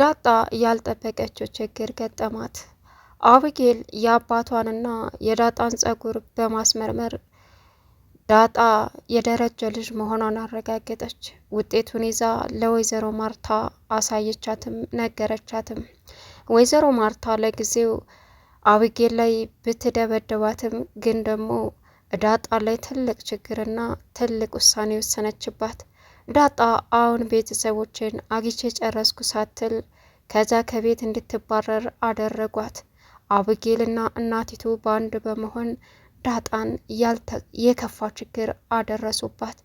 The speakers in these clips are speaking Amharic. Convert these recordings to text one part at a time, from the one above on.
ዳጣ ያልጠበቀችው ችግር ገጠማት። አብጌል የአባቷንና የዳጣን ጸጉር በማስመርመር ዳጣ የደረጀ ልጅ መሆኗን አረጋገጠች። ውጤቱን ይዛ ለወይዘሮ ማርታ አሳየቻትም ነገረቻትም። ወይዘሮ ማርታ ለጊዜው አብጌል ላይ ብትደበደባትም ግን ደግሞ ዳጣ ላይ ትልቅ ችግርና ትልቅ ውሳኔ ወሰነችባት። ዳጣ አሁን ቤተሰቦችን አግቼ ጨረስኩ ሳትል ከዛ ከቤት እንድትባረር አደረጓት። አብጌልና እናቲቱ በአንድ በመሆን ዳጣን የከፋ ችግር አደረሱባት።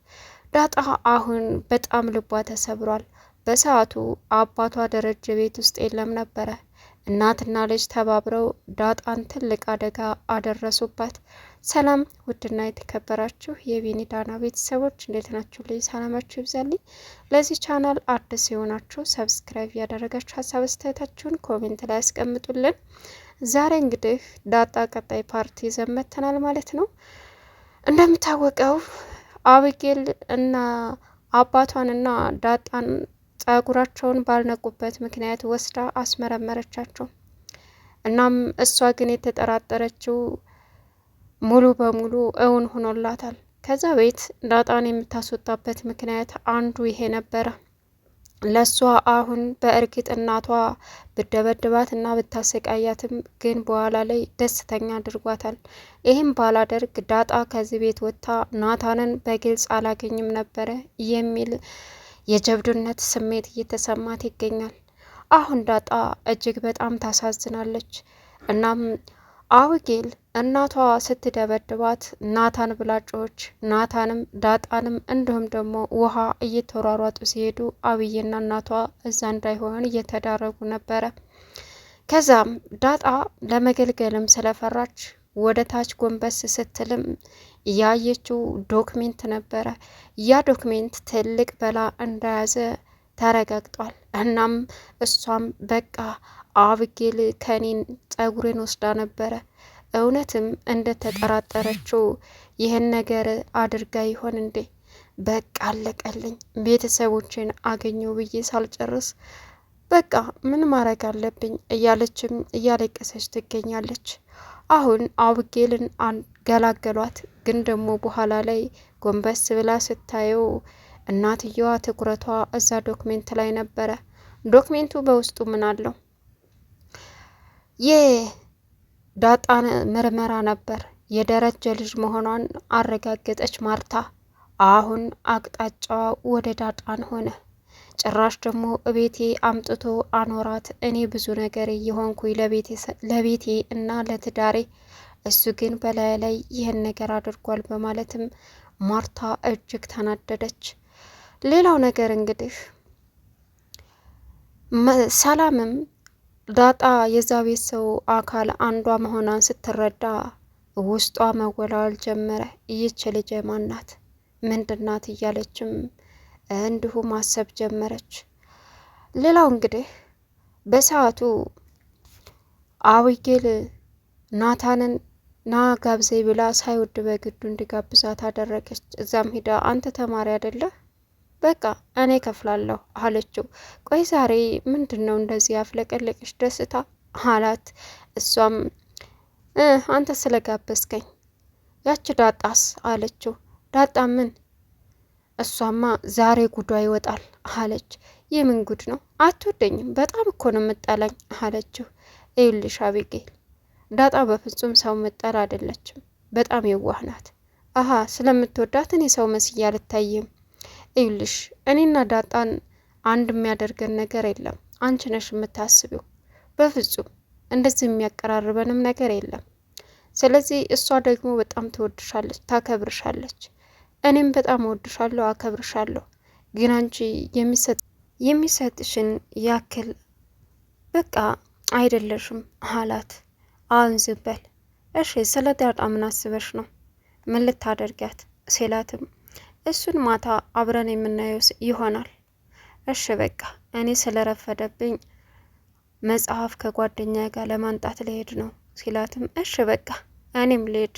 ዳጣ አሁን በጣም ልቧ ተሰብሯል። በሰዓቱ አባቷ ደረጀ ቤት ውስጥ የለም ነበረ። እናትና ልጅ ተባብረው ዳጣን ትልቅ አደጋ አደረሱባት። ሰላም ውድና የተከበራችሁ የቢኒ ዳና ቤተሰቦች እንዴት ናችሁ? ልይ ሰላማችሁ ይብዛልኝ። ለዚህ ቻናል አዲስ የሆናችሁ ሰብስክራይብ ያደረጋችሁ፣ ሀሳብ አስተያየታችሁን ኮሜንት ላይ ያስቀምጡልን። ዛሬ እንግዲህ ዳጣ ቀጣይ ፓርቲ ዘመተናል ማለት ነው። እንደምታወቀው አብጌል እና አባቷንና ዳጣን ጸጉራቸውን ባልነቁበት ምክንያት ወስዳ አስመረመረቻቸው። እናም እሷ ግን የተጠራጠረችው ሙሉ በሙሉ እውን ሆኖላታል። ከዛ ቤት ዳጣን የምታስወጣበት ምክንያት አንዱ ይሄ ነበረ። ለእሷ አሁን በእርግጥ እናቷ ብደበድባት እና ብታሰቃያትም ግን በኋላ ላይ ደስተኛ አድርጓታል። ይህም ባላደርግ ዳጣ ከዚህ ቤት ወጥታ ናታንን በግልጽ አላገኝም ነበረ የሚል የጀብዱነት ስሜት እየተሰማት ይገኛል። አሁን ዳጣ እጅግ በጣም ታሳዝናለች። እናም አውጌል እናቷ ስትደበድባት ናታን ብላጮች ናታንም ዳጣንም እንዲሁም ደግሞ ውሃ እየተሯሯጡ ሲሄዱ አብዬና እናቷ እዛ እንዳይሆን እየተዳረጉ ነበረ። ከዛም ዳጣ ለመገልገልም ስለፈራች ወደ ታች ጎንበስ ስትልም ያየችው ዶክሜንት ነበረ። ያ ዶክሜንት ትልቅ በላ እንደያዘ ተረጋግጧል። እናም እሷም በቃ አብጌል ከኔን ጸጉሬን ወስዳ ነበረ እውነትም እንደተጠራጠረችው ይህን ነገር አድርጋ ይሆን እንዴ? በቃ አለቀልኝ፣ ቤተሰቦችን አገኘው ብዬ ሳልጨርስ በቃ ምን ማድረግ አለብኝ እያለችም እያለቀሰች ትገኛለች። አሁን አብጌልን አገላገሏት ግን ደግሞ በኋላ ላይ ጎንበስ ብላ ስታየው እናትየዋ ትኩረቷ እዛ ዶክሜንት ላይ ነበረ። ዶክሜንቱ በውስጡ ምን አለው? የዳጣን ምርመራ ነበር። የደረጀ ልጅ መሆኗን አረጋገጠች ማርታ። አሁን አቅጣጫዋ ወደ ዳጣን ሆነ። ጭራሽ ደግሞ እቤቴ አምጥቶ አኖራት። እኔ ብዙ ነገር የሆንኩኝ ለቤቴ እና ለትዳሬ፣ እሱ ግን በላይ ላይ ይህን ነገር አድርጓል በማለትም ማርታ እጅግ ተናደደች። ሌላው ነገር እንግዲህ ሰላምም ዳጣ የዛ ቤት ሰው አካል አንዷ መሆኗን ስትረዳ ውስጧ መወላወል ጀመረ። ይች ልጅ ማን ናት? እያለችም እንዲሁ ማሰብ ጀመረች። ሌላው እንግዲህ በሰዓቱ አዊጌል ናታንን ና ጋብዜ ብላ ሳይወድ በግዱ እንዲጋብዛት አደረገች። እዛም ሂዳ አንተ ተማሪ አይደለህ በቃ እኔ ከፍላለሁ አለችው። ቆይ ዛሬ ምንድን ነው እንደዚህ ያፍለቀለቀች ደስታ አላት። እሷም አንተ ስለጋበዝከኝ ያች ዳጣስ አለችው። ዳጣ ምን እሷማ ዛሬ ጉዷ ይወጣል አለች። የምን ጉድ ነው? አትወደኝም፣ በጣም እኮ ነው የምጠላኝ አለችው። እዩልሽ አቢጌል፣ ዳጣ በፍጹም ሰው ምጠላ አይደለችም። በጣም የዋህ ናት። አሀ ስለምትወዳት እኔ ሰው መስያ አልታይም። እዩልሽ፣ እኔና ዳጣን አንድ የሚያደርገን ነገር የለም። አንቺ ነሽ የምታስቢው። በፍጹም እንደዚህ የሚያቀራርበንም ነገር የለም። ስለዚህ እሷ ደግሞ በጣም ትወድሻለች፣ ታከብርሻለች። እኔም በጣም ወድሻለሁ፣ አከብርሻለሁ። ግን አንቺ የሚሰጥሽን ያክል በቃ አይደለሽም አላት። አሁን ዝበል እሺ፣ ስለ ዳጣ ምን አስበሽ ነው? ምን ልታደርጊያት ሲላትም እሱን ማታ አብረን የምናየው ይሆናል። እሺ በቃ እኔ ስለረፈደብኝ መጽሐፍ ከጓደኛ ጋር ለማንጣት ልሄድ ነው ሲላትም እሺ በቃ እኔም ልሄድ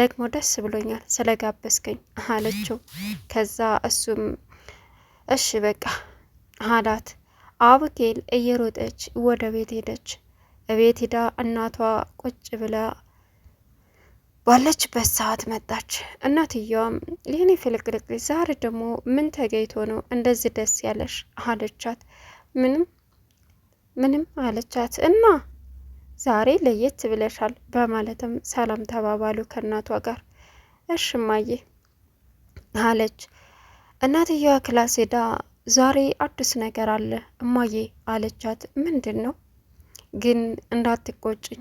ደግሞ ደስ ብሎኛል ስለጋበዝከኝ አለችው። ከዛ እሱም እሺ በቃ አላት። አብጌል እየሮጠች ወደ ቤት ሄደች። እቤት ሂዳ እናቷ ቁጭ ብላ ባለችበት ሰዓት መጣች። እናትየዋም ይህኔ ፍልቅልቅ ዛሬ ደግሞ ምን ተገይቶ ነው እንደዚህ ደስ ያለሽ? አለቻት። ምንም ምንም አለቻት እና ዛሬ ለየት ብለሻል በማለትም ሰላም ተባባሉ ከእናቷ ጋር። እሽማዬ አለች። እናትየዋ ክላስ ሄዳ ዛሬ አዲስ ነገር አለ እማዬ አለቻት። ምንድን ነው ግን እንዳትቆጭኝ፣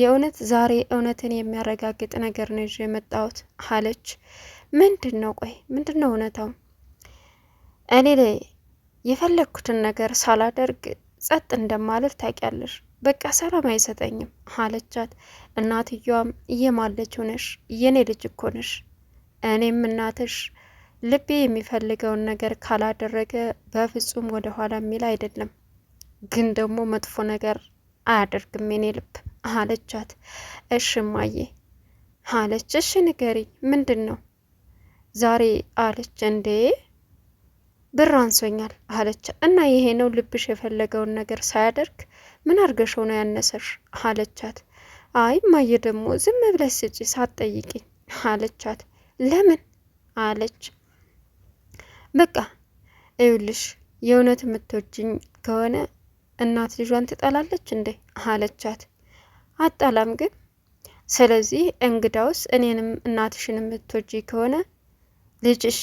የእውነት ዛሬ እውነትን የሚያረጋግጥ ነገር ነው ይዤ የመጣሁት አለች። ምንድን ነው ቆይ ምንድን ነው እውነታው? እኔ ላይ የፈለግኩትን ነገር ሳላደርግ ጸጥ እንደማለት ታውቂያለሽ። በቃ ሰላም አይሰጠኝም አለቻት። እናትየዋም እየማለች ነሽ የኔ ልጅ እኮ ነሽ፣ እኔም እናትሽ ልቤ የሚፈልገውን ነገር ካላደረገ በፍጹም ወደ ኋላ የሚል አይደለም፣ ግን ደግሞ መጥፎ ነገር አያደርግም የኔ ልብ አለቻት። እሽ አለች። እሽ ንገሪ ምንድን ነው ዛሬ አለች። እንዴ ብር አንሶኛል አለቻት። እና ይሄ ነው ልብሽ የፈለገውን ነገር ሳያደርግ ምን አድርገሽው ነው ያነሰሽ አለቻት። አይ ማየ ደግሞ ዝም ብለሽ ስጪ ሳትጠይቂኝ አለቻት። ለምን አለች። በቃ ይኸውልሽ የእውነት የምትወጂኝ ከሆነ እናት ልጇን ትጠላለች እንዴ አለቻት። አጣላም ግን ስለዚህ እንግዳውስ እኔንም እናትሽን የምትወጂ ከሆነ ልጅ እሺ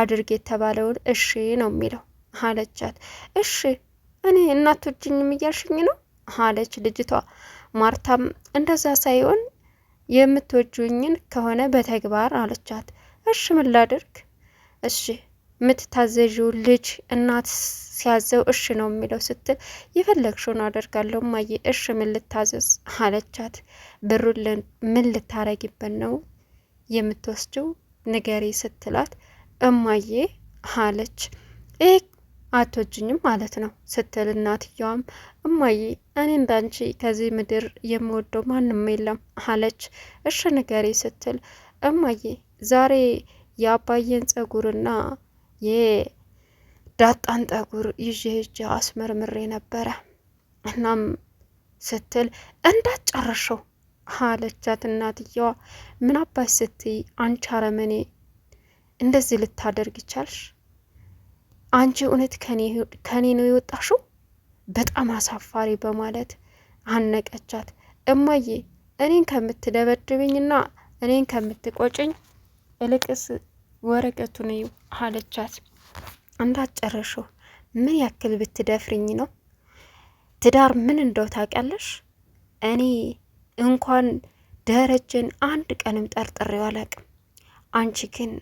አድርግ የተባለውን እሺ ነው የሚለው አለቻት። እሺ እኔ እናቶችኝም እያልሽኝ ነው አለች ልጅቷ። ማርታም እንደዛ ሳይሆን የምትወጁኝን ከሆነ በተግባር አለቻት። እሺ ምን ላድርግ? እሺ የምትታዘዥው ልጅ እናት ሲያዘው እሺ ነው የሚለው ስትል የፈለግሽውን አደርጋለሁ ማየ፣ እሺ ምን ልታዘዝ አለቻት። ብሩልን ምን ልታረጊበት ነው የምትወስጂው ንገሪ ስትላት እማዬ አለች። ይህ አትወጅኝም ማለት ነው ስትል እናትየዋም እማዬ እኔ እንዳንቺ ከዚህ ምድር የምወደው ማንም የለም አለች። እሺ ንገሪ ስትል እማዬ ዛሬ የአባዬን ጸጉርና የዳጣን ጠጉር ይዤ ሂጄ አስመርምሬ ነበረ እናም ስትል እንዳትጨረሸው አለቻት እናትየዋ። ምን አባሽ ስትይ አንቺ አረመኔ እንደዚህ ልታደርግ ይቻልሽ አንቺ እውነት ከኔ ነው የወጣሽው? በጣም አሳፋሪ በማለት አነቀቻት። እማዬ እኔን ከምትደበድብኝና እኔን ከምትቆጭኝ እልቅስ ወረቀቱን እዩ አለቻት። እንዳጨረሽው ምን ያክል ብትደፍርኝ ነው? ትዳር ምን እንደው ታውቂያለሽ? እኔ እንኳን ደረጀን አንድ ቀንም ጠርጥሬው አላውቅም። አንቺ ግን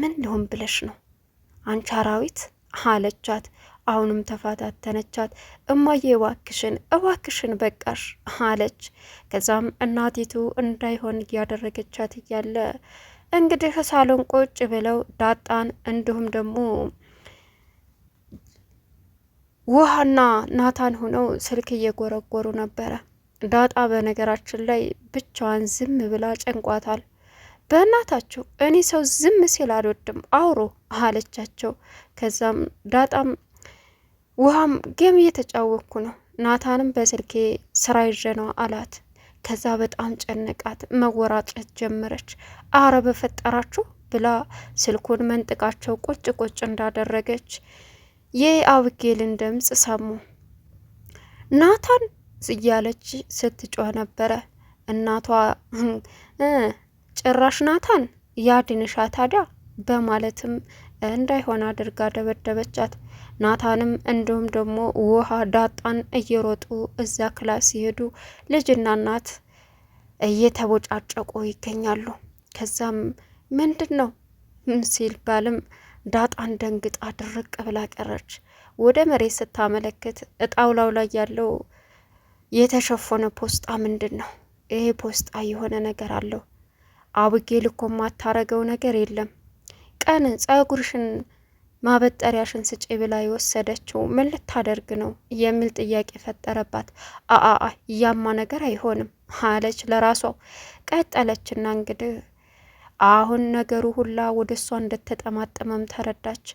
ምን ሊሆን ብለሽ ነው አንቺ አራዊት አለቻት። አሁንም ተፋታተነቻት። እማዬ እባክሽን እባክሽን በቃሽ አለች። ከዛም እናቲቱ እንዳይሆን እያደረገቻት እያለ እንግዲህ ሳሎን ቁጭ ብለው ዳጣን እንዲሁም ደግሞ ውሃና ናታን ሆነው ስልክ እየጎረጎሩ ነበረ። ዳጣ በነገራችን ላይ ብቻዋን ዝም ብላ ጨንቋታል። በእናታችሁ እኔ ሰው ዝም ሲል አልወድም አውሮ አለቻቸው። ከዛም ዳጣም ውሃም ጌም እየተጫወኩ ነው፣ ናታንም በስልኬ ስራ ይዤ ነው አላት። ከዛ በጣም ጨነቃት፣ መወራጨት ጀመረች። አረ በፈጠራችሁ ብላ ስልኩን መንጥቃቸው ቁጭ ቁጭ እንዳደረገች የአብጌልን ድምፅ ሰሙ። ናታን እያለች ስትጮህ ነበረ እናቷ ጭራሽ ናታን ያድንሻ ታዲያ በማለትም እንዳይሆን አድርጋ ደበደበቻት። ናታንም እንዲሁም ደግሞ ውሃ ዳጣን እየሮጡ እዛ ክላስ ሲሄዱ ልጅና እናት እየተቦጫጨቁ ይገኛሉ። ከዛም ምንድን ነው ሲል ባልም ዳጣን ደንግጣ ድርቅ ብላ ቀረች። ወደ መሬት ስታመለክት እጣውላው ላይ ያለው የተሸፈነ ፖስጣ ምንድን ነው? ይሄ ፖስጣ የሆነ ነገር አለው አቡጌል እኮ ማታረገው ነገር የለም። ቀን ጸጉርሽን ማበጠሪያሽን ስጪ ብላ የወሰደችው ምን ልታደርግ ነው የሚል ጥያቄ ፈጠረባት። አአ እያማ ነገር አይሆንም አለች ለራሷ። ቀጠለችና እንግዲህ አሁን ነገሩ ሁላ ወደ እሷ እንደተጠማጠመም ተረዳች።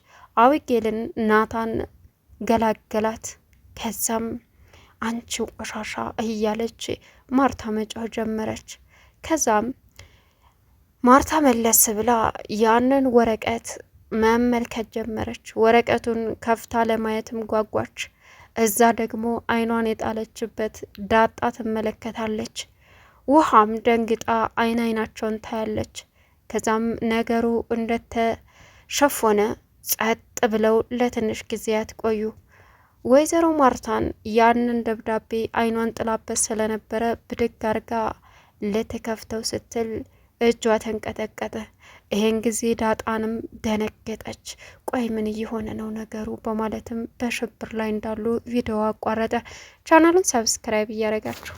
አቡጌልን ናታን ገላገላት። ከዛም አንቺ ቆሻሻ እያለች ማርታ መጮህ ጀመረች። ከዛም ማርታ መለስ ብላ ያንን ወረቀት መመልከት ጀመረች። ወረቀቱን ከፍታ ለማየትም ጓጓች። እዛ ደግሞ አይኗን የጣለችበት ዳጣ ትመለከታለች። ውሃም ደንግጣ አይን አይናቸውን ታያለች። ከዛም ነገሩ እንደተሸፈነ ጸጥ ብለው ለትንሽ ጊዜያት ቆዩ። ወይዘሮ ማርታን ያንን ደብዳቤ አይኗን ጥላበት ስለነበረ ብድግ አርጋ ልትከፍተው ስትል እጇ ተንቀጠቀጠ። ይሄን ጊዜ ዳጣንም ደነገጠች። ቆይ ምን እየሆነ ነው ነገሩ? በማለትም በሽብር ላይ እንዳሉ ቪዲዮ አቋረጠ። ቻናሉን ሰብስክራይብ እያደረጋችሁ